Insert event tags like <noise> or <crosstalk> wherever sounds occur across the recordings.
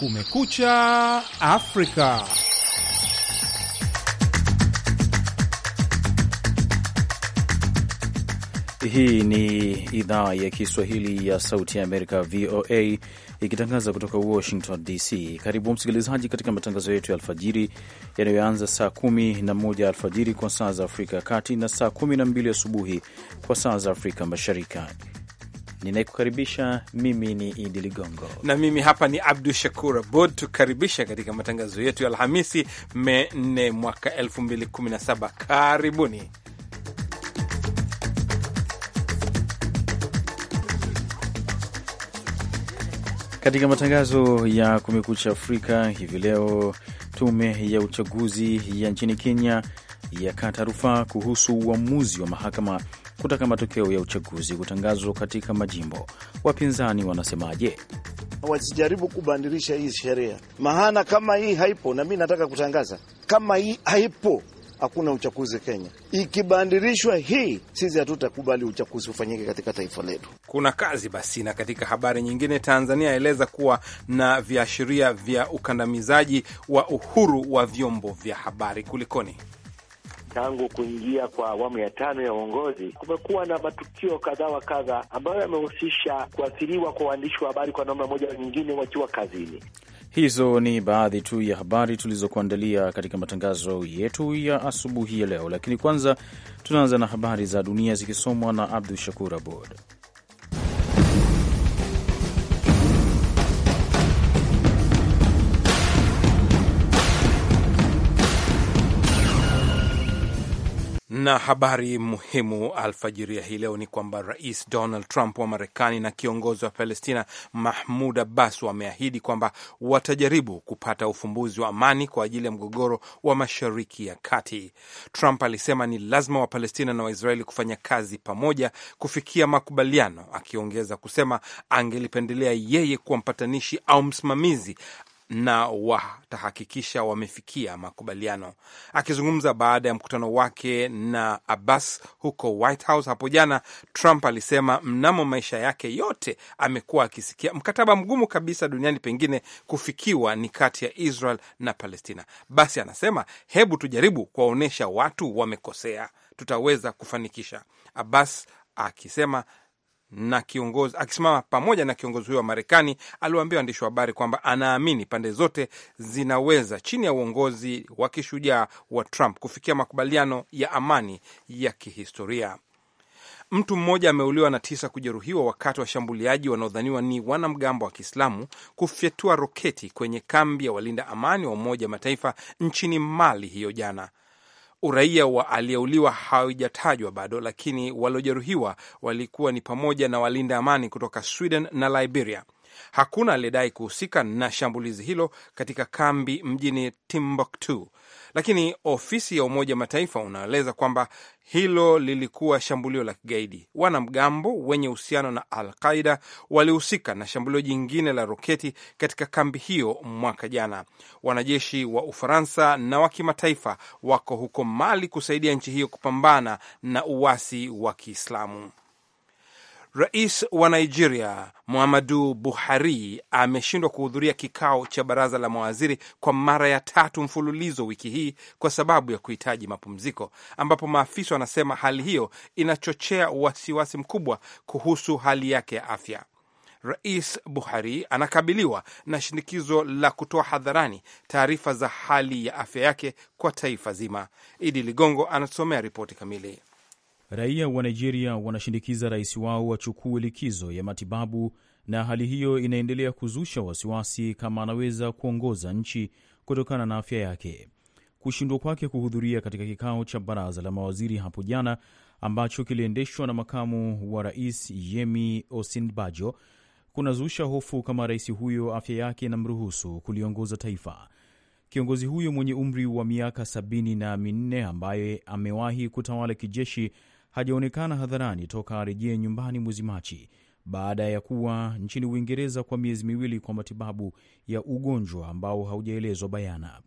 Kumekucha Afrika. Hii ni idhaa ya Kiswahili ya Sauti ya Amerika, VOA, ikitangaza kutoka Washington DC. Karibu msikilizaji, katika matangazo yetu ya alfajiri yanayoanza saa kumi na moja alfajiri kwa saa za Afrika ya Kati na saa kumi na mbili asubuhi kwa saa za Afrika Mashariki ninayekukaribisha mimi ni Idi Ligongo na mimi hapa ni Abdu Shakur Abud, tukaribisha katika matangazo yetu ya Alhamisi Mei 4 mwaka 2017. Karibuni. Katika matangazo ya Kumekucha Afrika hivi leo, tume ya uchaguzi ya nchini Kenya kata rufaa kuhusu uamuzi wa mahakama kutaka matokeo ya uchaguzi kutangazwa katika majimbo. Wapinzani wanasemaje? Wasijaribu kubandirisha hii sheria, maana kama hii haipo, na mi nataka kutangaza kama hii haipo hakuna uchaguzi Kenya. Ikibadilishwa hii, sisi hatutakubali uchaguzi ufanyike katika taifa letu. Kuna kazi basi. Na katika habari nyingine, Tanzania aeleza kuwa na viashiria vya ukandamizaji wa uhuru wa vyombo vya habari. Kulikoni? tangu kuingia kwa awamu ya tano ya uongozi, kumekuwa na matukio kadha wa kadha ambayo yamehusisha kuathiriwa kwa waandishi wa habari kwa namna moja nyingine wakiwa kazini. Hizo ni baadhi tu ya habari tulizokuandalia katika matangazo yetu ya asubuhi ya leo, lakini kwanza tunaanza na habari za dunia zikisomwa na Abdu Shakur abod Na habari muhimu alfajiri ya hii leo ni kwamba Rais Donald Trump wa Marekani na kiongozi wa Palestina Mahmud Abbas wameahidi kwamba watajaribu kupata ufumbuzi wa amani kwa ajili ya mgogoro wa Mashariki ya Kati. Trump alisema ni lazima Wapalestina na Waisraeli kufanya kazi pamoja kufikia makubaliano, akiongeza kusema angelipendelea yeye kuwa mpatanishi au msimamizi na watahakikisha wamefikia makubaliano. Akizungumza baada ya mkutano wake na Abbas huko White House hapo jana, Trump alisema mnamo maisha yake yote amekuwa akisikia mkataba mgumu kabisa duniani pengine kufikiwa ni kati ya Israel na Palestina. Basi anasema hebu tujaribu kuwaonyesha watu wamekosea, tutaweza kufanikisha. Abbas akisema na kiongozi akisimama pamoja na kiongozi huyo wa Marekani aliwaambia waandishi wa habari kwamba anaamini pande zote zinaweza chini ya uongozi wa kishujaa wa Trump kufikia makubaliano ya amani ya kihistoria. Mtu mmoja ameuliwa na tisa kujeruhiwa wakati washambuliaji wanaodhaniwa ni wanamgambo wa Kiislamu kufyatua roketi kwenye kambi ya walinda amani wa Umoja wa Mataifa nchini Mali hiyo jana. Uraia wa aliyeuliwa haujatajwa bado, lakini waliojeruhiwa walikuwa ni pamoja na walinda amani kutoka Sweden na Liberia. Hakuna aliyedai kuhusika na shambulizi hilo katika kambi mjini Timbuktu lakini ofisi ya Umoja Mataifa unaeleza kwamba hilo lilikuwa shambulio la kigaidi. Wanamgambo wenye uhusiano na Al Qaida walihusika na shambulio jingine la roketi katika kambi hiyo mwaka jana. Wanajeshi wa Ufaransa na wa kimataifa wako huko Mali kusaidia nchi hiyo kupambana na uasi wa Kiislamu. Rais wa Nigeria Muhammadu Buhari ameshindwa kuhudhuria kikao cha baraza la mawaziri kwa mara ya tatu mfululizo wiki hii kwa sababu ya kuhitaji mapumziko, ambapo maafisa wanasema hali hiyo inachochea wasiwasi mkubwa kuhusu hali yake ya afya. Rais Buhari anakabiliwa na shinikizo la kutoa hadharani taarifa za hali ya afya yake kwa taifa zima. Idi Ligongo anasomea ripoti kamili. Raia wa Nigeria wanashindikiza rais wao wachukue likizo ya matibabu, na hali hiyo inaendelea kuzusha wasiwasi kama anaweza kuongoza nchi kutokana na afya yake. Kushindwa kwake kuhudhuria katika kikao cha baraza la mawaziri hapo jana ambacho kiliendeshwa na makamu wa rais Yemi Osinbajo kunazusha hofu kama rais huyo afya yake inamruhusu kuliongoza taifa. Kiongozi huyo mwenye umri wa miaka sabini na minne ambaye amewahi kutawala kijeshi hajaonekana hadharani toka arejee nyumbani mwezi Machi baada ya kuwa nchini Uingereza kwa miezi miwili kwa matibabu ya ugonjwa ambao haujaelezwa bayana.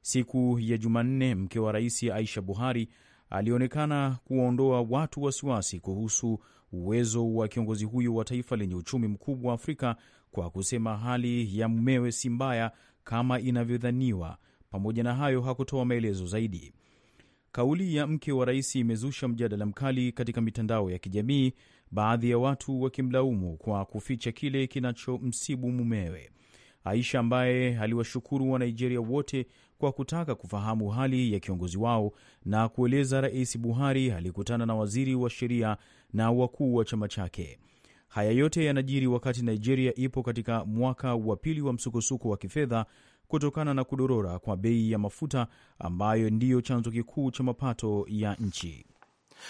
Siku ya Jumanne, mke wa rais Aisha Buhari alionekana kuwaondoa watu wasiwasi kuhusu uwezo wa kiongozi huyo wa taifa lenye uchumi mkubwa wa Afrika kwa kusema hali ya mumewe si mbaya kama inavyodhaniwa. Pamoja na hayo, hakutoa maelezo zaidi. Kauli ya mke wa rais imezusha mjadala mkali katika mitandao ya kijamii, baadhi ya watu wakimlaumu kwa kuficha kile kinachomsibu mumewe. Aisha ambaye aliwashukuru wa wote kwa kutaka kufahamu hali ya kiongozi wao na kueleza Rais Buhari alikutana na waziri wa sheria na wakuu wa chama chake. Haya yote yanajiri wakati Nigeria ipo katika mwaka wa pili wa msukosuko wa kifedha kutokana na kudorora kwa bei ya mafuta ambayo ndiyo chanzo kikuu cha mapato ya nchi.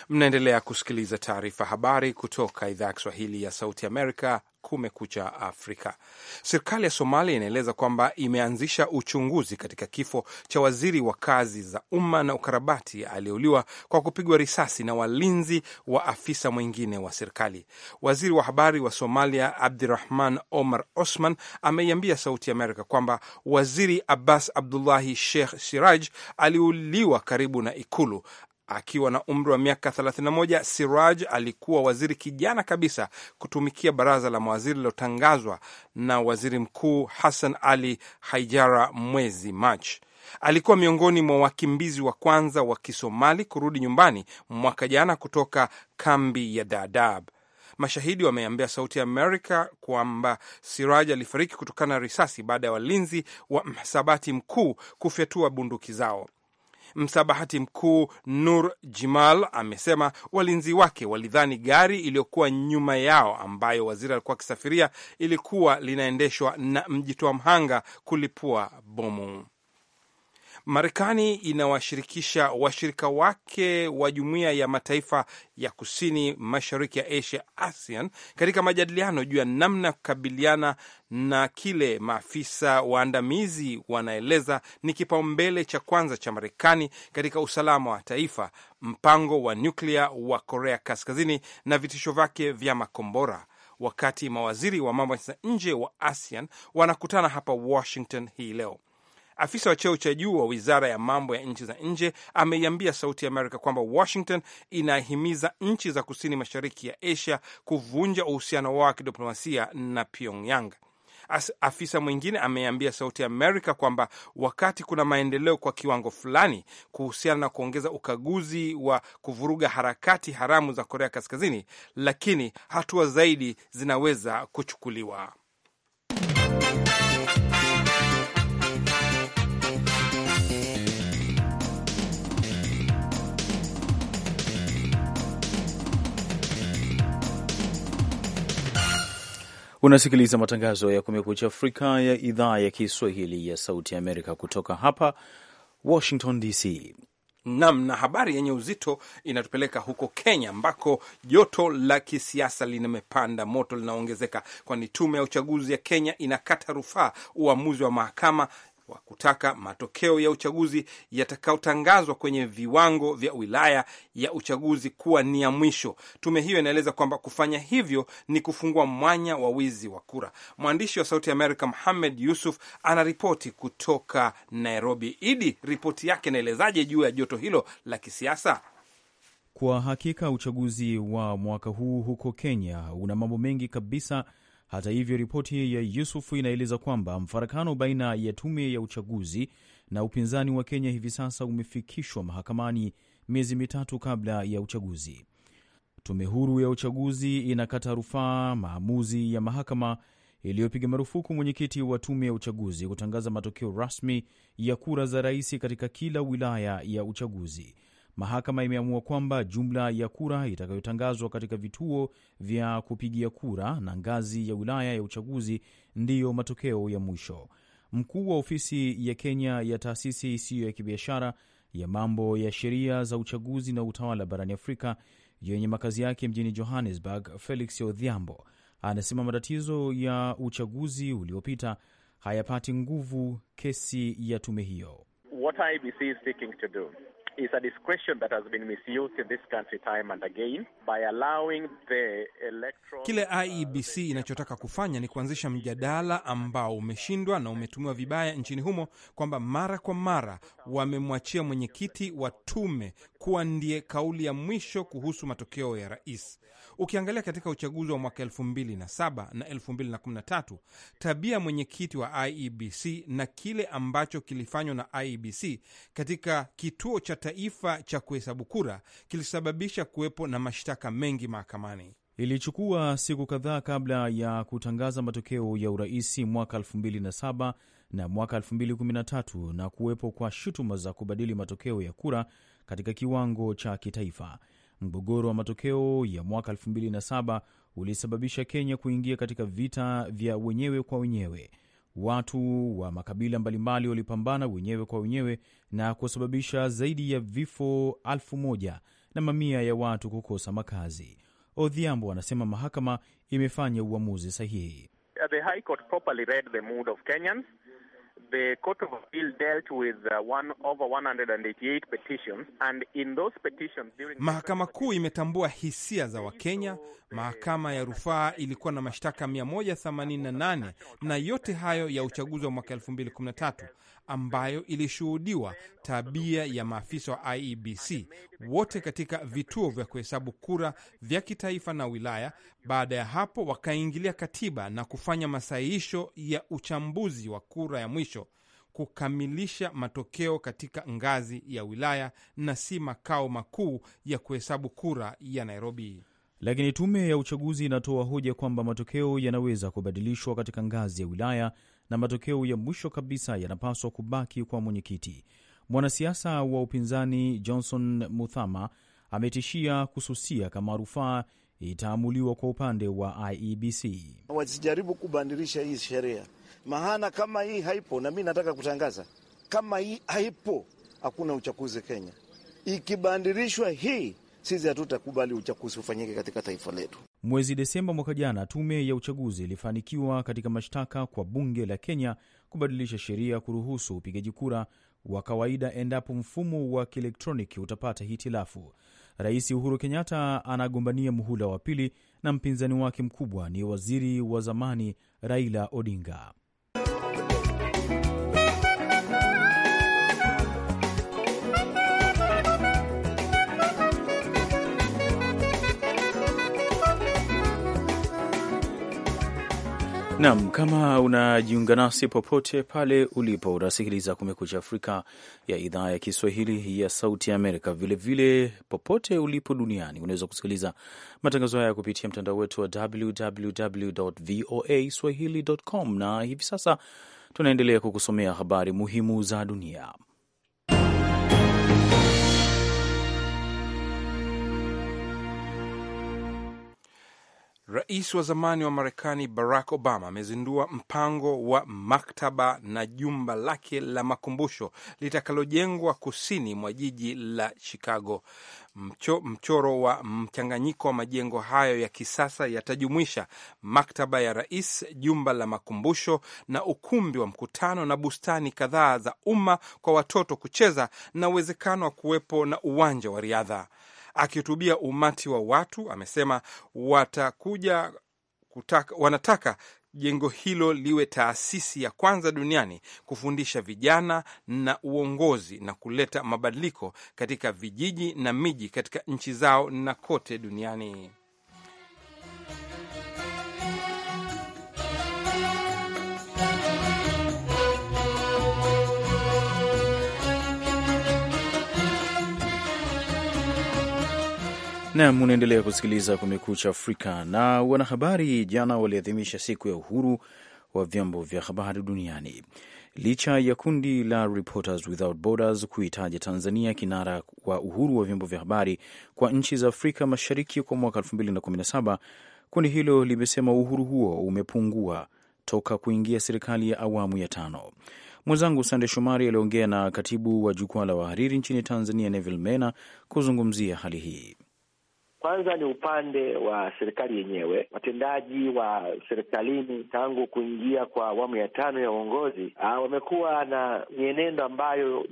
Mnaendelea kusikiliza taarifa habari kutoka idhaa ya Kiswahili ya Sauti Amerika, Kumekucha Afrika. Serikali ya Somalia inaeleza kwamba imeanzisha uchunguzi katika kifo cha waziri wa kazi za umma na ukarabati aliyeuliwa kwa kupigwa risasi na walinzi wa afisa mwingine wa serikali. Waziri wa habari wa Somalia Abdirahman Omar Osman ameiambia Sauti ya Amerika kwamba waziri Abbas Abdullahi Sheikh Siraj aliuliwa karibu na ikulu Akiwa na umri wa miaka 31, Siraj alikuwa waziri kijana kabisa kutumikia baraza la mawaziri lililotangazwa na waziri mkuu Hassan Ali Haijara mwezi Machi. Alikuwa miongoni mwa wakimbizi wa kwanza wa Kisomali kurudi nyumbani mwaka jana kutoka kambi ya Dadaab. Mashahidi wameambia Sauti ya Amerika kwamba Siraj alifariki kutokana na risasi baada ya walinzi wa msabati mkuu kufyatua bunduki zao msabahati mkuu Nur Jimal amesema walinzi wake walidhani gari iliyokuwa nyuma yao ambayo waziri alikuwa akisafiria ilikuwa linaendeshwa na mjitoa mhanga kulipua bomu. Marekani inawashirikisha washirika wake wa Jumuiya ya Mataifa ya Kusini Mashariki ya Asia, ASEAN, katika majadiliano juu ya namna ya kukabiliana na kile maafisa waandamizi wanaeleza ni kipaumbele cha kwanza cha Marekani katika usalama wa taifa, mpango wa nyuklia wa Korea Kaskazini na vitisho vyake vya makombora. Wakati mawaziri wa mambo ya nje wa ASEAN wanakutana hapa Washington hii leo, Afisa wa cheo cha juu wa wizara ya mambo ya nchi za nje ameiambia Sauti ya Amerika kwamba Washington inahimiza nchi za kusini mashariki ya Asia kuvunja uhusiano wao wa kidiplomasia na Pyongyang. Afisa mwingine ameambia Sauti ya Amerika kwamba wakati kuna maendeleo kwa kiwango fulani kuhusiana na kuongeza ukaguzi wa kuvuruga harakati haramu za Korea Kaskazini, lakini hatua zaidi zinaweza kuchukuliwa. Unasikiliza matangazo ya Kumekucha Afrika ya idhaa ya Kiswahili ya Sauti ya Amerika kutoka hapa Washington DC. Nam na habari yenye uzito inatupeleka huko Kenya ambako joto la kisiasa limepanda moto, linaongezeka kwani tume ya uchaguzi ya Kenya inakata rufaa uamuzi wa mahakama wa kutaka matokeo ya uchaguzi yatakayotangazwa kwenye viwango vya wilaya ya uchaguzi kuwa ni ya mwisho. Tume hiyo inaeleza kwamba kufanya hivyo ni kufungua mwanya wa wizi wa kura. Mwandishi wa Sauti Amerika Muhamed Yusuf anaripoti kutoka Nairobi. Idi, ripoti yake inaelezaje juu ya joto hilo la kisiasa? Kwa hakika uchaguzi wa mwaka huu huko Kenya una mambo mengi kabisa hata hivyo, ripoti ya Yusufu inaeleza kwamba mfarakano baina ya tume ya uchaguzi na upinzani wa Kenya hivi sasa umefikishwa mahakamani miezi mitatu kabla ya uchaguzi. Tume huru ya uchaguzi inakata rufaa maamuzi ya mahakama iliyopiga marufuku mwenyekiti wa tume ya uchaguzi kutangaza matokeo rasmi ya kura za rais katika kila wilaya ya uchaguzi Mahakama imeamua kwamba jumla ya kura itakayotangazwa katika vituo vya kupigia kura na ngazi ya wilaya ya uchaguzi ndiyo matokeo ya mwisho. Mkuu wa ofisi ya Kenya ya taasisi isiyo ya kibiashara ya mambo ya sheria za uchaguzi na utawala barani Afrika yenye makazi yake mjini Johannesburg, Felix Odhiambo anasema matatizo ya uchaguzi uliopita hayapati nguvu kesi ya tume hiyo. What IBC is seeking to do is a discretion that has been misused in this country time and again by allowing the electoral... Kile IEBC inachotaka kufanya ni kuanzisha mjadala ambao umeshindwa na umetumiwa vibaya nchini humo, kwamba mara kwa mara wamemwachia mwenyekiti wa tume kuwa ndiye kauli ya mwisho kuhusu matokeo ya rais. Ukiangalia katika uchaguzi wa mwaka 2007 na 2013, tabia mwenyekiti wa IEBC na kile ambacho kilifanywa na IEBC katika kituo cha taifa cha kuhesabu kura kilisababisha kuwepo na mashtaka mengi mahakamani. Ilichukua siku kadhaa kabla ya kutangaza matokeo ya uraisi mwaka 2007 na mwaka 2013 na kuwepo kwa shutuma za kubadili matokeo ya kura katika kiwango cha kitaifa. Mgogoro wa matokeo ya mwaka 2007 ulisababisha Kenya kuingia katika vita vya wenyewe kwa wenyewe. Watu wa makabila mbalimbali walipambana wenyewe kwa wenyewe na kusababisha zaidi ya vifo elfu moja na mamia ya watu kukosa makazi. Odhiambo anasema mahakama imefanya uamuzi sahihi. The High Court properly read the mood of Kenyans the Court of Appeal dealt with uh, one, over 188 petitions and in those petitions during... Mahakama Kuu imetambua hisia za Wakenya. Mahakama ya rufaa ilikuwa na mashtaka 188 na yote hayo ya uchaguzi wa mwaka 2013 ambayo ilishuhudiwa tabia ya maafisa wa IEBC wote katika vituo vya kuhesabu kura vya kitaifa na wilaya. Baada ya hapo, wakaingilia katiba na kufanya masahihisho ya uchambuzi wa kura ya mwisho kukamilisha matokeo katika ngazi ya wilaya na si makao makuu ya kuhesabu kura ya Nairobi. Lakini tume ya uchaguzi inatoa hoja kwamba matokeo yanaweza kubadilishwa katika ngazi ya wilaya na matokeo ya mwisho kabisa yanapaswa kubaki kwa mwenyekiti. Mwanasiasa wa upinzani Johnson Muthama ametishia kususia kama rufaa itaamuliwa kwa upande wa IEBC. Wasijaribu kubandirisha hii sheria, maana kama hii haipo, na mi nataka kutangaza kama hii haipo, hakuna uchaguzi Kenya. Ikibandirishwa hii, sisi hatutakubali uchaguzi ufanyike katika taifa letu. Mwezi Desemba mwaka jana, tume ya uchaguzi ilifanikiwa katika mashtaka kwa bunge la Kenya kubadilisha sheria kuruhusu upigaji kura wa kawaida endapo mfumo wa kielektroniki utapata hitilafu. Rais Uhuru Kenyatta anagombania muhula wa pili na mpinzani wake mkubwa ni waziri wa zamani Raila Odinga. nam kama unajiunga nasi popote pale ulipo, unasikiliza Kumekucha Afrika ya idhaa ya Kiswahili ya Sauti ya Amerika. Vilevile popote ulipo duniani unaweza kusikiliza matangazo haya kupitia mtandao wetu wa www voa swahili.com, na hivi sasa tunaendelea kukusomea habari muhimu za dunia. Rais wa zamani wa Marekani Barack Obama amezindua mpango wa maktaba na jumba lake la makumbusho litakalojengwa kusini mwa jiji la Chicago. Mcho, mchoro wa mchanganyiko wa majengo hayo ya kisasa yatajumuisha maktaba ya rais, jumba la makumbusho na ukumbi wa mkutano na bustani kadhaa za umma kwa watoto kucheza na uwezekano wa kuwepo na uwanja wa riadha. Akihutubia umati wa watu, amesema watakuja kutaka, wanataka jengo hilo liwe taasisi ya kwanza duniani kufundisha vijana na uongozi na kuleta mabadiliko katika vijiji na miji katika nchi zao na kote duniani. Nam, unaendelea kusikiliza Kumekucha Afrika. Na wanahabari jana waliadhimisha siku ya uhuru wa vyombo vya habari duniani licha ya kundi la Reporters Without Borders kuitaja Tanzania kinara wa uhuru wa vyombo vya habari kwa nchi za Afrika Mashariki kwa mwaka 2017 kundi hilo limesema uhuru huo umepungua toka kuingia serikali ya awamu ya tano. Mwenzangu Sande Shomari aliongea na katibu wa jukwaa la wahariri nchini Tanzania, Neville Mena, kuzungumzia hali hii. Kwanza ni upande wa serikali yenyewe, watendaji wa serikalini tangu kuingia kwa awamu ya tano ya uongozi ah, wamekuwa na mienendo ambayo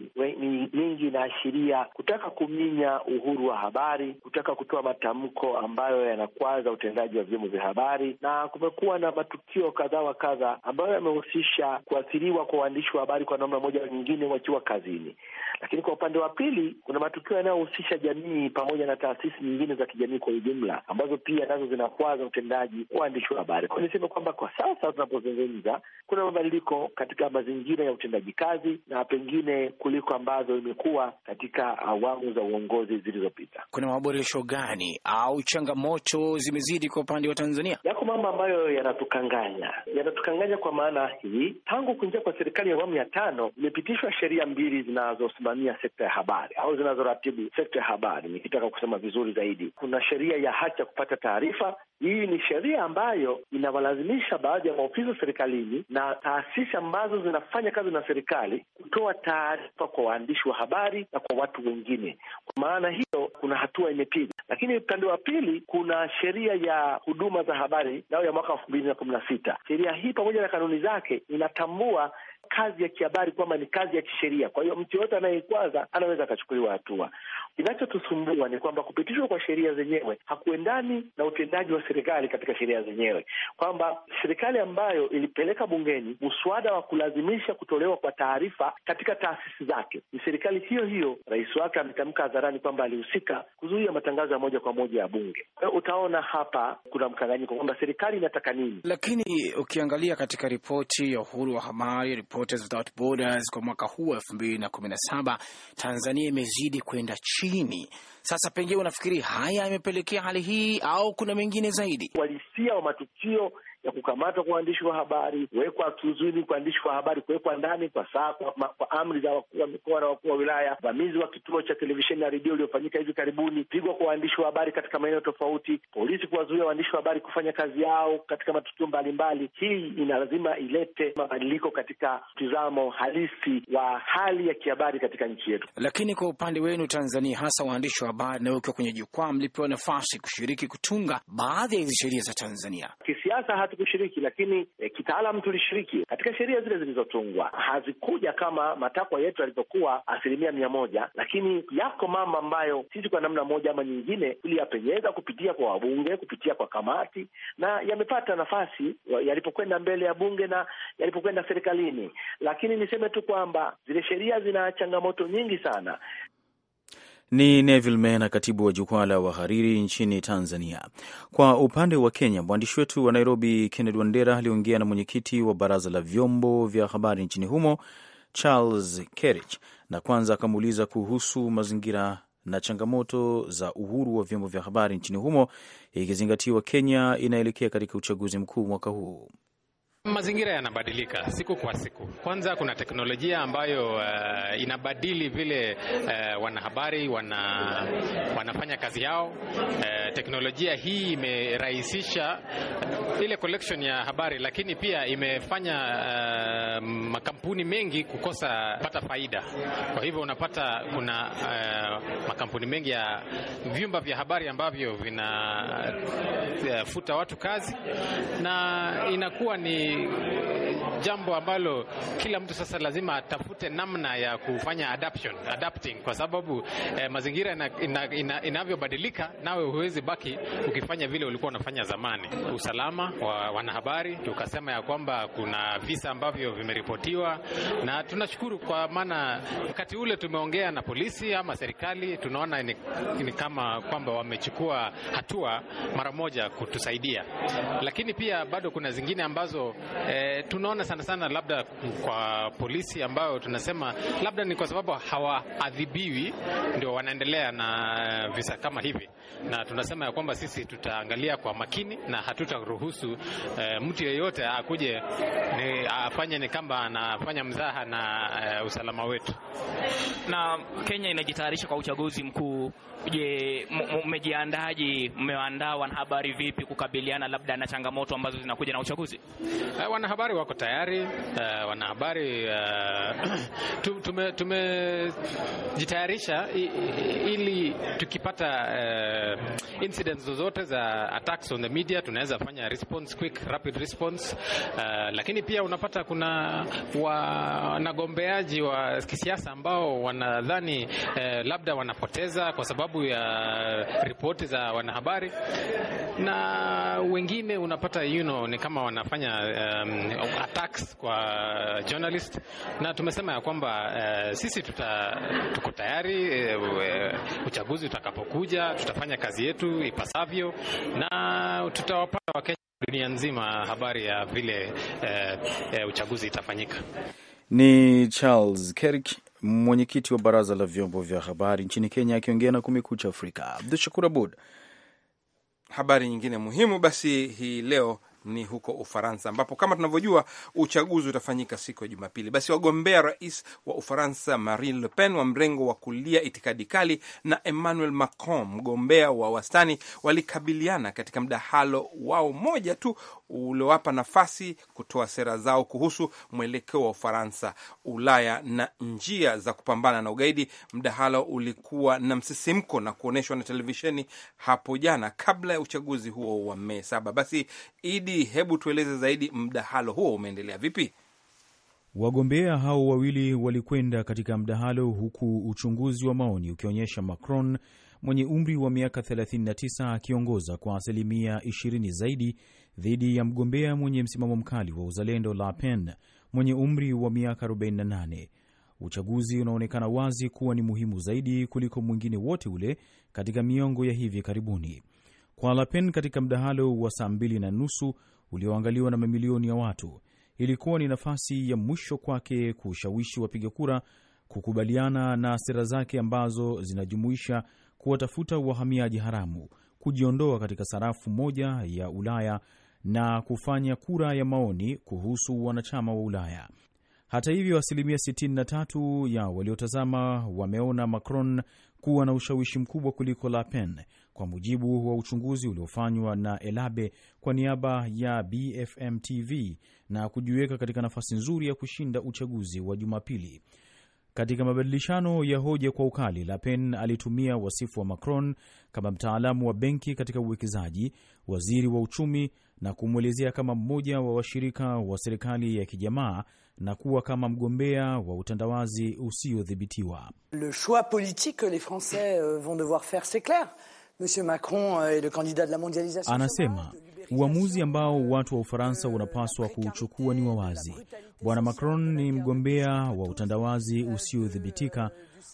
mingi inaashiria kutaka kuminya uhuru wa habari, kutaka kutoa matamko ambayo yanakwaza utendaji wa vyombo vya habari, na kumekuwa na matukio kadha wa kadha ambayo yamehusisha kuathiriwa kwa waandishi wa habari kwa namna moja nyingine wakiwa kazini. Lakini kwa upande wa pili, kuna matukio yanayohusisha jamii pamoja na taasisi nyingine za jamii kwa ujumla, ambazo pia nazo zinakwaza utendaji wa waandishi wa habari. Kwa niseme kwamba kwa sasa tunapozungumza, kuna mabadiliko katika mazingira ya utendaji kazi na pengine kuliko ambazo imekuwa katika awamu za uongozi zilizopita. Kuna maboresho gani au changamoto zimezidi kwa upande wa Tanzania? Yako mambo ambayo yanatukanganya, yanatukanganya kwa maana hii, tangu kuingia kwa serikali ya awamu ya tano imepitishwa sheria mbili zinazosimamia sekta ya habari au zinazoratibu sekta ya habari, nikitaka kusema vizuri zaidi kuna sheria ya haki ya kupata taarifa. Hii ni sheria ambayo inawalazimisha baadhi ya maofisa serikalini na taasisi ambazo zinafanya kazi na serikali kutoa taarifa kwa waandishi wa habari na kwa watu wengine. Kwa maana hiyo, kuna hatua imepiga, lakini upande wa pili kuna sheria ya huduma za habari nayo ya mwaka elfu mbili na kumi na sita. Sheria hii pamoja na kanuni zake inatambua kazi ya kihabari kwamba ni kazi ya kisheria. Kwa hiyo mtu yoyote anayekwaza anaweza akachukuliwa hatua. Kinachotusumbua ni kwamba kupitishwa kwa sheria zenyewe hakuendani na utendaji wa serikali katika sheria zenyewe, kwamba serikali ambayo ilipeleka bungeni mswada wa kulazimisha kutolewa kwa taarifa katika taasisi zake ni serikali hiyo hiyo, rais wake ametamka hadharani kwamba alihusika kuzuia matangazo ya moja kwa moja ya bunge. Utaona hapa kuna mkanganyiko kwamba serikali inataka nini, lakini ukiangalia katika ripoti ya uhuru wa habari Reporters Without Borders kwa mwaka huu elfu mbili na kumi na saba Tanzania imezidi kwenda chini. Sasa pengine unafikiri haya yamepelekea hali hii au kuna mengine zaidi? Uhalisia wa matukio ya kukamatwa kwa waandishi wa habari, kuwekwa kizuizini kwa waandishi wa habari, kuwekwa ndani kwa saa kwa, kwa amri za wakuu wa mikoa na wakuu wa wilaya, uvamizi wa kituo cha televisheni na redio uliofanyika hivi karibuni, pigwa kwa waandishi wa habari katika maeneo tofauti, polisi kuwazuia waandishi wa habari kufanya kazi yao katika matukio mbalimbali. Hii ina lazima ilete mabadiliko katika mtizamo halisi wa hali ya kihabari katika nchi yetu. Lakini kwa upande wenu Tanzania, hasa waandishi wa habari, nawe ukiwa kwenye jukwaa, mlipewa nafasi kushiriki kutunga baadhi ya hizi sheria za Tanzania kisiasa hatukushiriki, lakini e, eh, kitaalam tulishiriki katika sheria zile zilizotungwa. Hazikuja kama matakwa yetu yalivyokuwa asilimia mia moja, lakini yako mama ambayo sisi kwa namna moja ama nyingine tuliyapenyeza kupitia kwa wabunge, kupitia kwa kamati, na yamepata nafasi yalipokwenda mbele ya bunge na yalipokwenda serikalini. Lakini niseme tu kwamba zile sheria zina changamoto nyingi sana. Ni Neville Mena, katibu wa jukwaa la wahariri nchini Tanzania. Kwa upande wa Kenya, mwandishi wetu wa Nairobi Kennedy Wandera aliongea na mwenyekiti wa baraza la vyombo vya habari nchini humo Charles Kerich, na kwanza akamuuliza kuhusu mazingira na changamoto za uhuru wa vyombo vya habari nchini humo, ikizingatiwa Kenya inaelekea katika uchaguzi mkuu mwaka huu. Mazingira yanabadilika siku kwa siku. Kwanza kuna teknolojia ambayo uh, inabadili vile uh, wanahabari wana, wanafanya kazi yao. Uh, teknolojia hii imerahisisha ile collection ya habari, lakini pia imefanya uh, makampuni mengi kukosa pata faida. Kwa hivyo unapata kuna uh, makampuni mengi ya vyumba vya habari ambavyo vinafuta uh, watu kazi na inakuwa ni jambo ambalo kila mtu sasa lazima atafute namna ya kufanya adaption, adapting kwa sababu eh, mazingira inavyobadilika ina, ina, ina nawe huwezi baki ukifanya vile ulikuwa unafanya zamani. Usalama wa wanahabari, tukasema ya kwamba kuna visa ambavyo vimeripotiwa, na tunashukuru kwa maana wakati ule tumeongea na polisi ama serikali, tunaona ni, ni kama kwamba wamechukua hatua mara moja kutusaidia, lakini pia bado kuna zingine ambazo E, tunaona sana sana labda kwa polisi ambayo tunasema labda ni kwa sababu hawaadhibiwi ndio wanaendelea na visa kama hivi, na tunasema ya kwamba sisi tutaangalia kwa makini na hatutaruhusu e, mtu yeyote akuje ni, afanye ni kama anafanya mzaha na e, usalama wetu. Na Kenya inajitayarisha kwa uchaguzi mkuu. Je, mmejiandaje? mmeandaa wanahabari vipi kukabiliana labda na changamoto ambazo zinakuja na uchaguzi? Uh, wanahabari wako tayari. Uh, wanahabari uh, <clears throat> tumejitayarisha tume ili tukipata uh, incidents zozote za attacks on the media tunaweza fanya response quick rapid response. Uh, lakini pia unapata kuna wanagombeaji wa kisiasa ambao wanadhani uh, labda wanapoteza kwa sababu ya ripoti za wanahabari na wengine unapata you know, ni kama wanafanya um, attacks kwa journalist, na tumesema ya kwamba uh, sisi tuta, tuko tayari uh, uchaguzi utakapokuja tutafanya kazi yetu ipasavyo na tutawapata Wakenya dunia nzima habari ya vile uh, uh, uchaguzi itafanyika. Ni Charles Kerik mwenyekiti wa baraza la vyombo vya habari nchini Kenya akiongea na Kumekucha Afrika. Abdushakur Abud. Habari nyingine muhimu basi hii leo ni huko Ufaransa, ambapo kama tunavyojua uchaguzi utafanyika siku ya Jumapili. Basi wagombea rais wa Ufaransa Marine Le Pen wa mrengo wa kulia itikadi kali na Emmanuel Macron mgombea wa wastani walikabiliana katika mdahalo wao moja tu uliowapa nafasi kutoa sera zao kuhusu mwelekeo wa Ufaransa, Ulaya na njia za kupambana na ugaidi. Mdahalo ulikuwa na msisimko na kuonyeshwa na televisheni hapo jana kabla ya uchaguzi huo wa Mei saba. Basi Idi, hebu tueleze zaidi, mdahalo huo umeendelea vipi? Wagombea hao wawili walikwenda katika mdahalo huku uchunguzi wa maoni ukionyesha Macron mwenye umri wa miaka 39 akiongoza kwa asilimia 20 zaidi dhidi ya mgombea mwenye msimamo mkali wa uzalendo La Pen mwenye umri wa miaka 48. Uchaguzi unaonekana wazi kuwa ni muhimu zaidi kuliko mwingine wote ule katika miongo ya hivi karibuni kwa lapen Pen. Katika mdahalo wa saa mbili na nusu ulioangaliwa na mamilioni ya watu, ilikuwa ni nafasi ya mwisho kwake kushawishi wapiga kura kukubaliana na sera zake ambazo zinajumuisha kuwatafuta wahamiaji haramu, kujiondoa katika sarafu moja ya Ulaya na kufanya kura ya maoni kuhusu wanachama wa Ulaya. Hata hivyo, asilimia 63 ya waliotazama wameona Macron kuwa na ushawishi mkubwa kuliko Le Pen, kwa mujibu wa uchunguzi uliofanywa na Elabe kwa niaba ya BFM TV na kujiweka katika nafasi nzuri ya kushinda uchaguzi wa Jumapili. Katika mabadilishano ya hoja kwa ukali, Le Pen alitumia wasifu wa Macron kama mtaalamu wa benki katika uwekezaji, waziri wa uchumi, na kumwelezea kama mmoja wa washirika wa serikali ya kijamaa na kuwa kama mgombea wa utandawazi usiodhibitiwa. Le choix politique que les Français euh, vont devoir faire c'est clair Euh, Anasema uamuzi ambao watu wa Ufaransa wanapaswa kuuchukua ni wawazi. Bwana Macron ni mgombea wa utandawazi usiodhibitika,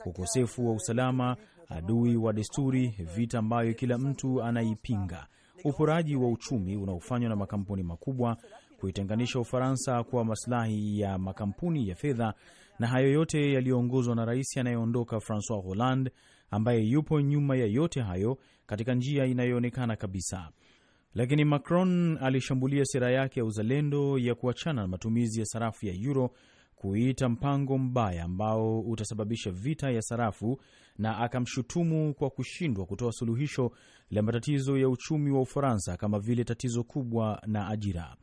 ukosefu wa usalama, adui wa desturi, vita ambayo kila mtu anaipinga, uporaji wa uchumi unaofanywa na makampuni makubwa kuitenganisha Ufaransa kwa masilahi ya makampuni ya fedha, na hayo yote yaliyoongozwa na rais anayeondoka Francois Hollande, ambaye yupo nyuma ya yote hayo katika njia inayoonekana kabisa. Lakini Macron alishambulia sera yake ya uzalendo ya kuachana na matumizi ya sarafu ya euro, kuita mpango mbaya ambao utasababisha vita ya sarafu, na akamshutumu kwa kushindwa kutoa suluhisho la matatizo ya uchumi wa Ufaransa kama vile tatizo kubwa na ajira.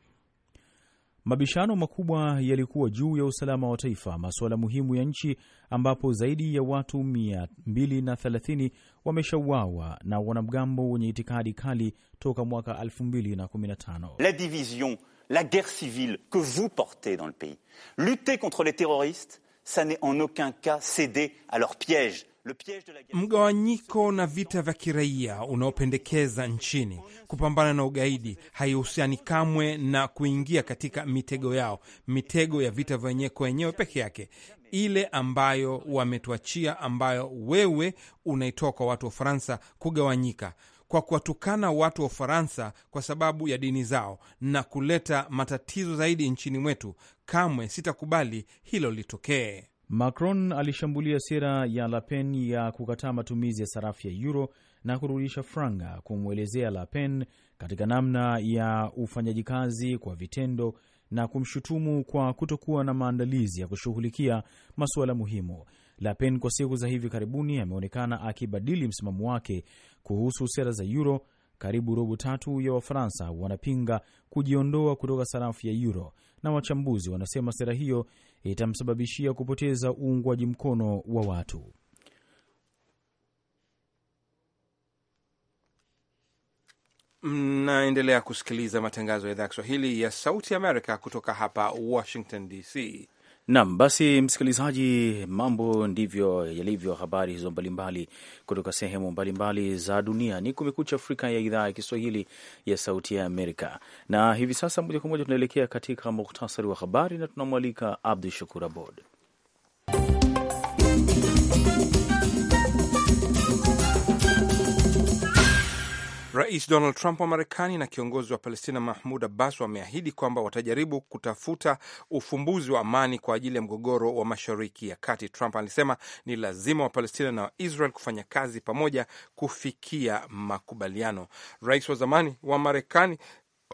Mabishano makubwa yalikuwa juu ya usalama wa taifa, masuala muhimu ya nchi, ambapo zaidi ya watu 230 wameshauawa na wanamgambo wenye itikadi kali toka mwaka 2015. La division, la guerre civile que vous portez dans le pays. Lutter contre les terroristes, ça n'est en aucun cas céder à leur piège. Mgawanyiko na vita vya kiraia unaopendekeza nchini kupambana na ugaidi haihusiani kamwe na kuingia katika mitego yao, mitego ya vita vya wenyewe kwa wenyewe peke yake, ile ambayo wametuachia, ambayo wewe unaitoa kwa watu wa Ufaransa kugawanyika kwa kuwatukana watu wa Ufaransa kwa sababu ya dini zao na kuleta matatizo zaidi nchini mwetu. Kamwe sitakubali hilo litokee. Macron alishambulia sera ya Le Pen ya kukataa matumizi ya sarafu ya euro na kurudisha franga, kumwelezea Le Pen katika namna ya ufanyaji kazi kwa vitendo na kumshutumu kwa kutokuwa na maandalizi ya kushughulikia masuala muhimu. Le Pen kwa siku za hivi karibuni ameonekana akibadili msimamo wake kuhusu sera za euro. Karibu robo tatu ya Wafaransa wanapinga kujiondoa kutoka sarafu ya euro, na wachambuzi wanasema sera hiyo itamsababishia kupoteza uungwaji mkono wa watu. Mnaendelea kusikiliza matangazo ya idhaa ya Kiswahili ya Sauti Amerika kutoka hapa Washington DC. Naam, basi msikilizaji, mambo ndivyo yalivyo. Habari hizo mbalimbali kutoka sehemu mbalimbali za dunia ni Kumekucha Afrika ya idhaa ya Kiswahili ya Sauti ya Amerika, na hivi sasa moja kwa moja tunaelekea katika muktasari wa habari na tunamwalika Abdu Shakur Abod. Rais Donald Trump wa Marekani na kiongozi wa Palestina Mahmud Abbas wameahidi kwamba watajaribu kutafuta ufumbuzi wa amani kwa ajili ya mgogoro wa Mashariki ya Kati. Trump alisema ni lazima Wapalestina na Waisrael kufanya kazi pamoja kufikia makubaliano. Rais wa zamani wa Marekani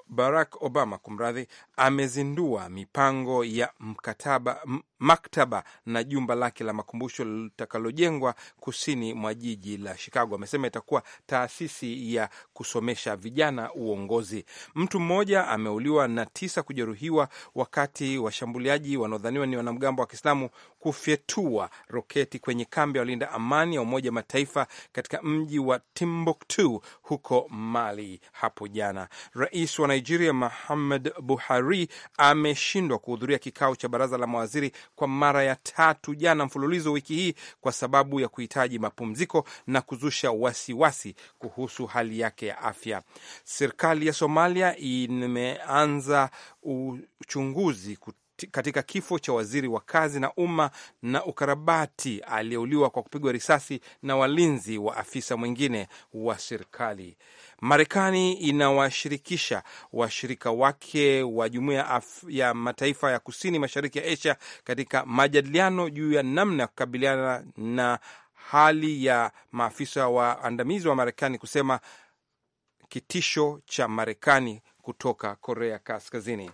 Barack Obama kumradhi, amezindua mipango ya mkataba, maktaba na jumba lake la makumbusho litakalojengwa kusini mwa jiji la Chicago. Amesema itakuwa taasisi ya kusomesha vijana uongozi. Mtu mmoja ameuliwa na tisa kujeruhiwa wakati washambuliaji wanaodhaniwa ni wanamgambo wa Kiislamu kufyetua roketi kwenye kambi ya walinda amani ya Umoja Mataifa katika mji wa Timbuktu huko Mali hapo jana. Rais wa Nigeria Muhammad Buhari ameshindwa kuhudhuria kikao cha baraza la mawaziri kwa mara ya tatu jana mfululizo wiki hii kwa sababu ya kuhitaji mapumziko na kuzusha wasiwasi wasi kuhusu hali yake ya afya. Serikali ya Somalia imeanza uchunguzi katika kifo cha waziri wa kazi na umma na ukarabati aliyeuliwa kwa kupigwa risasi na walinzi wa afisa mwingine wa serikali. Marekani inawashirikisha washirika wake wa Jumuiya ya Mataifa ya Kusini Mashariki ya Asia katika majadiliano juu ya namna ya kukabiliana na hali ya maafisa waandamizi wa Marekani kusema kitisho cha Marekani kutoka Korea Kaskazini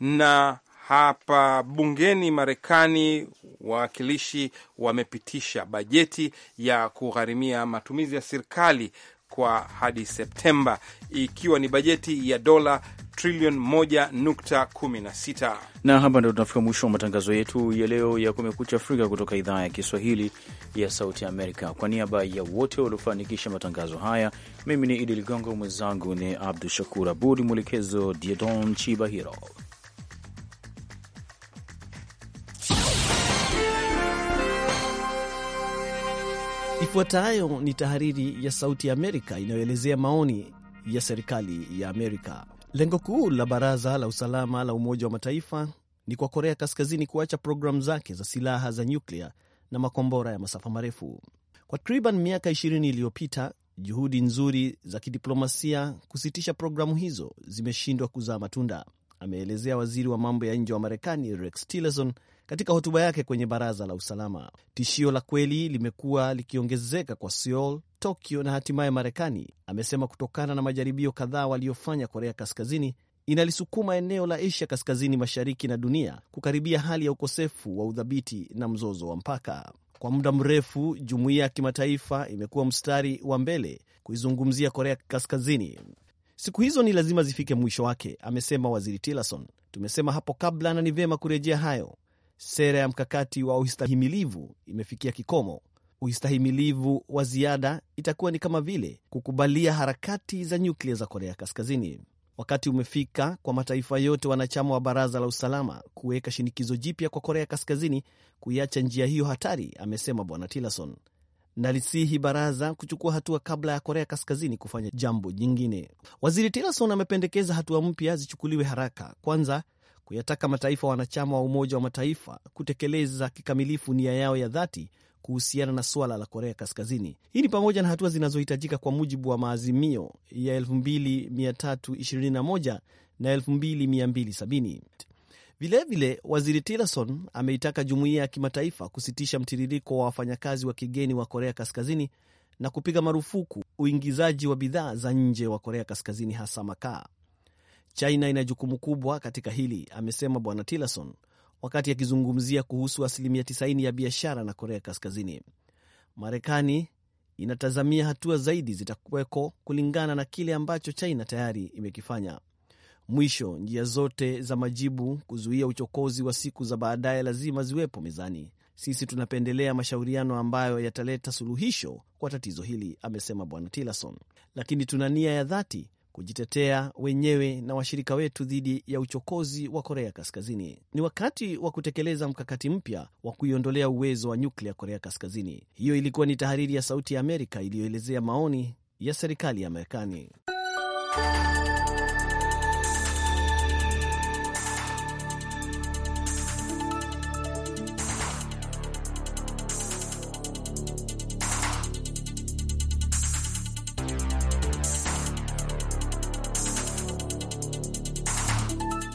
na hapa bungeni Marekani wawakilishi wamepitisha bajeti ya kugharimia matumizi ya serikali kwa hadi Septemba ikiwa ni bajeti ya dola trilioni 1.16. Na hapa ndio tunafika mwisho wa matangazo yetu ya leo ya Kumekucha Afrika kutoka idhaa ya Kiswahili ya Sauti ya Amerika. Kwa niaba ya wote waliofanikisha matangazo haya, mimi ni Idi Ligongo, mwenzangu ni Abdu Shakur Abud, mwelekezo Diedon Chibahiro. Ifuatayo ni tahariri ya Sauti ya Amerika inayoelezea maoni ya serikali ya Amerika. Lengo kuu la Baraza la Usalama la Umoja wa Mataifa ni kwa Korea Kaskazini kuacha programu zake za silaha za nyuklia na makombora ya masafa marefu. Kwa takriban miaka 20 iliyopita, juhudi nzuri za kidiplomasia kusitisha programu hizo zimeshindwa kuzaa matunda, ameelezea waziri wa mambo ya nje wa Marekani Rex Tillerson katika hotuba yake kwenye baraza la usalama. Tishio la kweli limekuwa likiongezeka kwa Seoul, Tokyo na hatimaye Marekani, amesema kutokana na majaribio kadhaa waliofanya Korea Kaskazini inalisukuma eneo la Asia Kaskazini Mashariki na dunia kukaribia hali ya ukosefu wa udhabiti na mzozo wa mpaka. Kwa muda mrefu, jumuiya ya kimataifa imekuwa mstari wa mbele kuizungumzia Korea Kaskazini. Siku hizo ni lazima zifike mwisho wake, amesema waziri Tillerson. Tumesema hapo kabla na ni vyema kurejea hayo sera ya mkakati wa ustahimilivu imefikia kikomo. Ustahimilivu wa ziada itakuwa ni kama vile kukubalia harakati za nyuklia za Korea Kaskazini. Wakati umefika kwa mataifa yote wanachama wa Baraza la Usalama kuweka shinikizo jipya kwa Korea Kaskazini kuiacha njia hiyo hatari, amesema Bwana Tillerson. Nalisihi baraza kuchukua hatua kabla ya Korea Kaskazini kufanya jambo jingine. Waziri Tillerson amependekeza hatua mpya zichukuliwe haraka. Kwanza, kuyataka mataifa wanachama wa Umoja wa Mataifa kutekeleza kikamilifu nia yao ya dhati kuhusiana na suala la Korea Kaskazini. Hii ni pamoja na hatua zinazohitajika kwa mujibu wa maazimio ya 2321 na 2270. Vilevile, waziri Tillerson ameitaka jumuiya ya kimataifa kusitisha mtiririko wa wafanyakazi wa kigeni wa Korea Kaskazini na kupiga marufuku uingizaji wa bidhaa za nje wa Korea Kaskazini, hasa makaa. China ina jukumu kubwa katika hili, amesema Bwana Tillerson wakati akizungumzia kuhusu asilimia 90 ya biashara na Korea Kaskazini. Marekani inatazamia hatua zaidi zitakuweko kulingana na kile ambacho China tayari imekifanya. Mwisho, njia zote za majibu kuzuia uchokozi wa siku za baadaye lazima ziwepo mezani. Sisi tunapendelea mashauriano ambayo yataleta suluhisho kwa tatizo hili, amesema Bwana Tillerson, lakini tuna nia ya dhati kujitetea wenyewe na washirika wetu dhidi ya uchokozi wa Korea Kaskazini. Ni wakati wa kutekeleza mkakati mpya wa kuiondolea uwezo wa nyuklia Korea Kaskazini. Hiyo ilikuwa ni tahariri ya Sauti ya Amerika iliyoelezea maoni ya serikali ya Marekani.